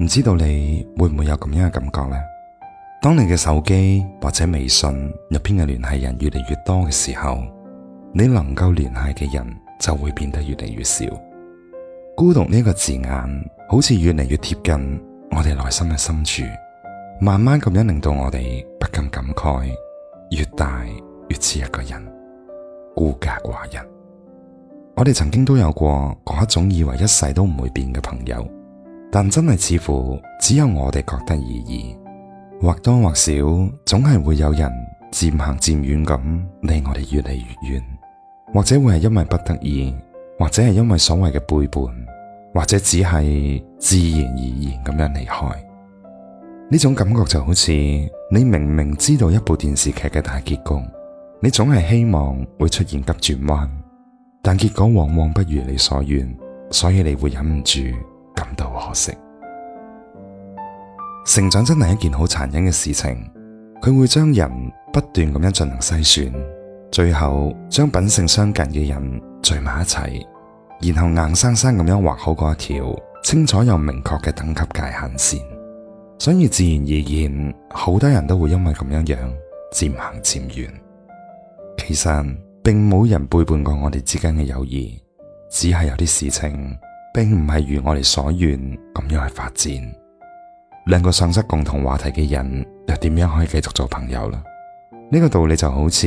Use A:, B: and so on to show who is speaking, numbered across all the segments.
A: 唔知道你會唔會有咁樣嘅感覺呢？當你嘅手機或者微信入邊嘅聯繫人越嚟越多嘅時候，你能夠聯繫嘅人就會變得越嚟越少。孤獨呢個字眼好似越嚟越貼近我哋內心嘅深處，慢慢咁樣令到我哋不禁感慨：越大越似一個人，孤家寡人。我哋曾經都有過嗰一種以為一世都唔會變嘅朋友。但真係似乎只有我哋覺得而已，或多或少，總係會有人漸行漸遠咁離我哋越嚟越遠，或者會係因為不得已，或者係因為所謂嘅背叛，或者只係自然而然咁樣離開。呢種感覺就好似你明明知道一部電視劇嘅大結局，你總係希望會出現急轉彎，但結果往往不如你所願，所以你會忍唔住。感到可惜。成長真係一件好殘忍嘅事情，佢會將人不斷咁樣進行篩選，最後將品性相近嘅人聚埋一齊，然後硬生生咁樣畫好嗰一條清楚又明確嘅等級界限線。所以自然而然，好多人都會因為咁樣樣漸行漸遠。其實並冇人背叛過我哋之間嘅友誼，只係有啲事情。並唔係如我哋所願咁樣去發展，兩個喪失共同話題嘅人又點樣可以繼續做朋友呢？呢個道理就好似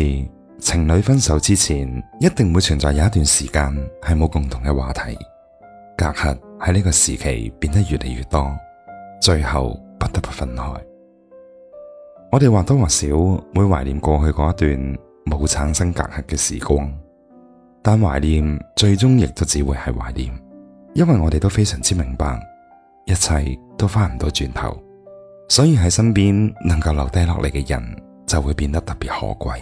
A: 情侶分手之前，一定會存在有一段時間係冇共同嘅話題，隔閡喺呢個時期變得越嚟越多，最後不得不分開。我哋或多或少會懷念過去嗰一段冇產生隔閡嘅時光，但懷念最終亦都只會係懷念。因為我哋都非常之明白，一切都翻唔到轉頭，所以喺身邊能夠留低落嚟嘅人就會變得特別可貴。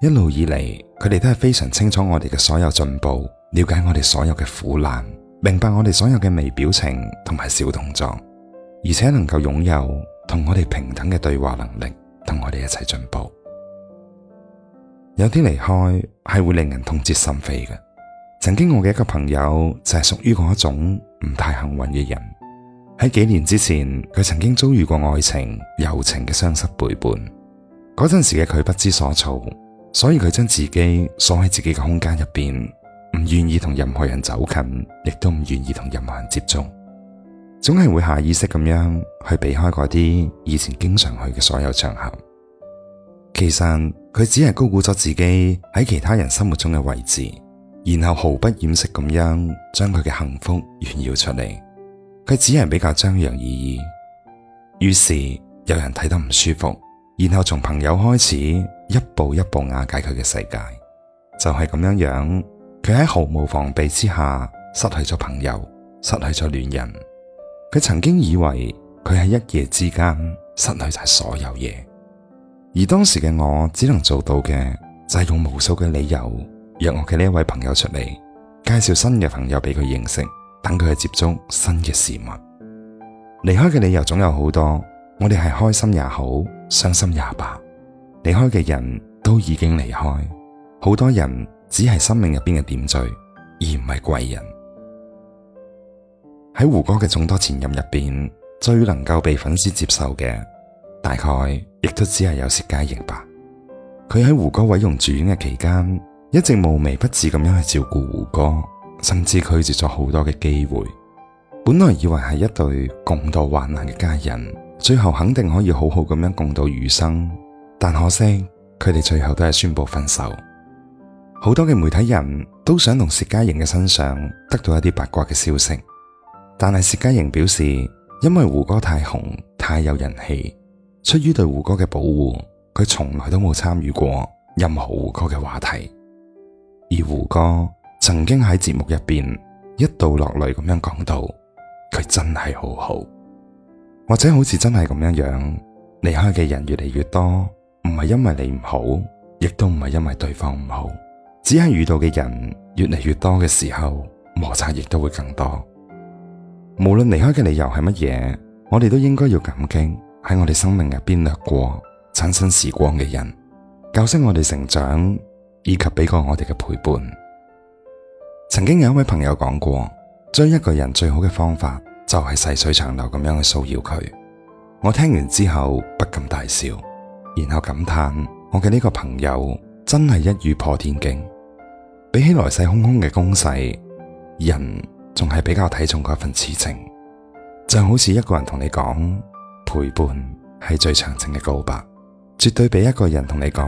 A: 一路以嚟，佢哋都係非常清楚我哋嘅所有進步，了解我哋所有嘅苦難，明白我哋所有嘅微表情同埋小動作，而且能夠擁有同我哋平等嘅對話能力，等我哋一齊進步。有啲離開係會令人痛徹心扉嘅。.曾經我嘅一個朋友就係屬於嗰一種唔太幸運嘅人。喺幾年之前，佢曾經遭遇過愛情、友情嘅雙失背叛。嗰陣時嘅佢不知所措，所以佢將自己鎖喺自己嘅空間入邊，唔願意同任何人走近，亦都唔願意同任何人接觸。總係會下意識咁樣去避開嗰啲以前經常去嘅所有場合。其實佢只係高估咗自己喺其他人心目中嘅位置。然後毫不掩飾咁樣將佢嘅幸福炫耀出嚟，佢只係比較張揚而已。於是有人睇得唔舒服，然後從朋友開始一步一步瓦解佢嘅世界，就係咁樣樣。佢喺毫無防備之下失去咗朋友，失去咗戀人。佢曾經以為佢喺一夜之間失去晒所有嘢，而當時嘅我只能做到嘅就係用無數嘅理由約我嘅呢一位朋友出嚟，介紹新嘅朋友俾佢認識，等佢去接觸新嘅事物。離開嘅理由總有好多，我哋係開心也好，傷心也罷。離開嘅人都已經離開，好多人只係生命入邊嘅點綴，而唔係貴人。喺胡歌嘅眾多前任入邊，最能夠被粉絲接受嘅，大概亦都只係有薛佳凝吧。佢喺胡歌毀容住院嘅期間。一直無微不至咁樣去照顧胡歌，甚至拒絕咗好多嘅機會。本來以為係一對共度患難嘅家人，最後肯定可以好好咁樣共度餘生，但可惜佢哋最後都係宣布分手。好多嘅媒體人都想同薛佳凝嘅身上得到一啲八卦嘅消息，但係薛佳凝表示，因為胡歌太紅太有人氣，出於對胡歌嘅保護，佢從來都冇參與過任何胡歌嘅話題。而胡歌曾經喺節目入邊一度落淚咁樣講到，佢真係好好，或者好似真係咁樣樣，離開嘅人越嚟越多，唔係因為你唔好，亦都唔係因為對方唔好，只係遇到嘅人越嚟越多嘅時候，摩擦亦都會更多。無論離開嘅理由係乜嘢，我哋都應該要感激喺我哋生命入邊掠過、產生時光嘅人，教識我哋成長，以及俾過我哋嘅陪伴。曾經有一位朋友講過，追一個人最好嘅方法就係細水長流咁樣去騷擾佢。我聽完之後不禁大笑，然後感嘆我嘅呢個朋友真係一語破天驚。比起來勢洶洶嘅攻勢，人仲係比較睇重嗰份痴情。就好似一個人同你講，陪伴係最長情嘅告白，絕對比一個人同你講。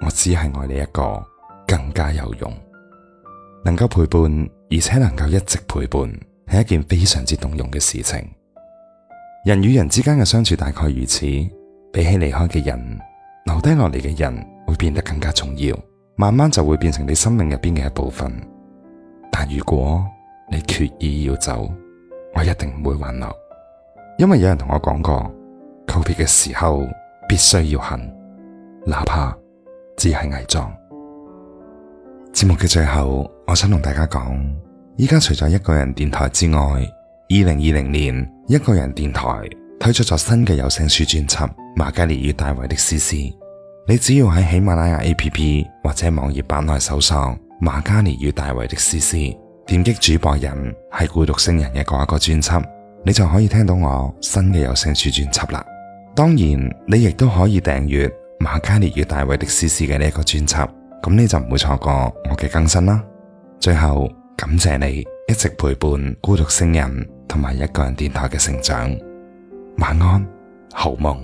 A: 我只係愛你一個，更加有用，能夠陪伴，而且能夠一直陪伴係一件非常之動容嘅事情。人與人之間嘅相處大概如此，比起離開嘅人，留低落嚟嘅人會變得更加重要，慢慢就會變成你生命入邊嘅一部分。但如果你決意要走，我一定唔會挽留，因為有人同我講過，告別嘅時候必須要狠，哪怕。只係偽裝。節目嘅最後，我想同大家講，依家除咗一個人電台之外，二零二零年一個人電台推出咗新嘅有聲書專輯《瑪嘉烈與大衛的詩詩》。你只要喺喜馬拉雅 A P P 或者網頁版內搜索《瑪嘉烈與大衛的詩詩》，點擊主播人係孤獨星人嘅嗰一個專輯，你就可以聽到我新嘅有聲書專輯啦。當然，你亦都可以訂閱。馬嘉烈與大衛迪斯斯嘅呢一個專輯，咁你就唔會錯過我嘅更新啦。最後感謝你一直陪伴孤獨星人同埋一個人電台嘅成長。晚安，好夢。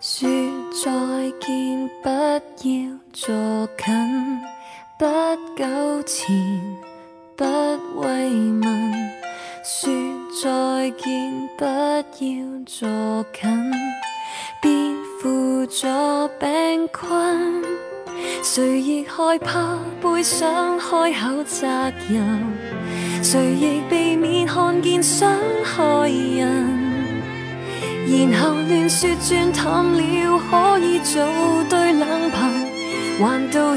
B: 說再見，不要坐近。不糾纏，不慰問，說再見，不要坐近，別扶助病困。誰亦害怕背上開口責任，誰亦避免看見傷害人，然後亂説轉淡了，可以做對冷朋，還道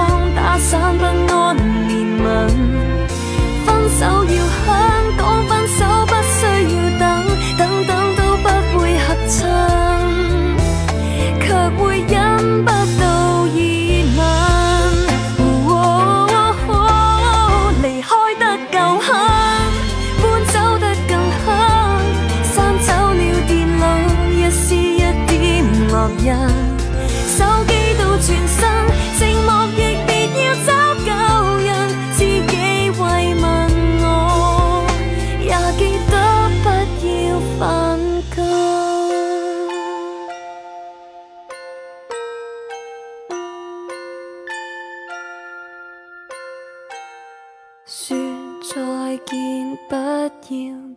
B: 不要坐近，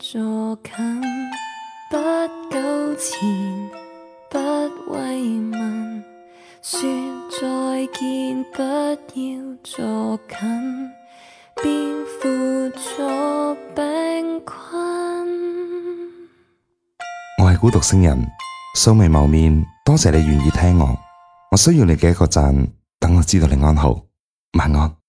B: 不糾纏，不慰問，說再見。不要坐近，別扶助冰棍。
A: 我係孤獨星人，素未謀面，多謝你願意聽我。
B: 我需要你嘅一個讚，等我知道你安好。晚安。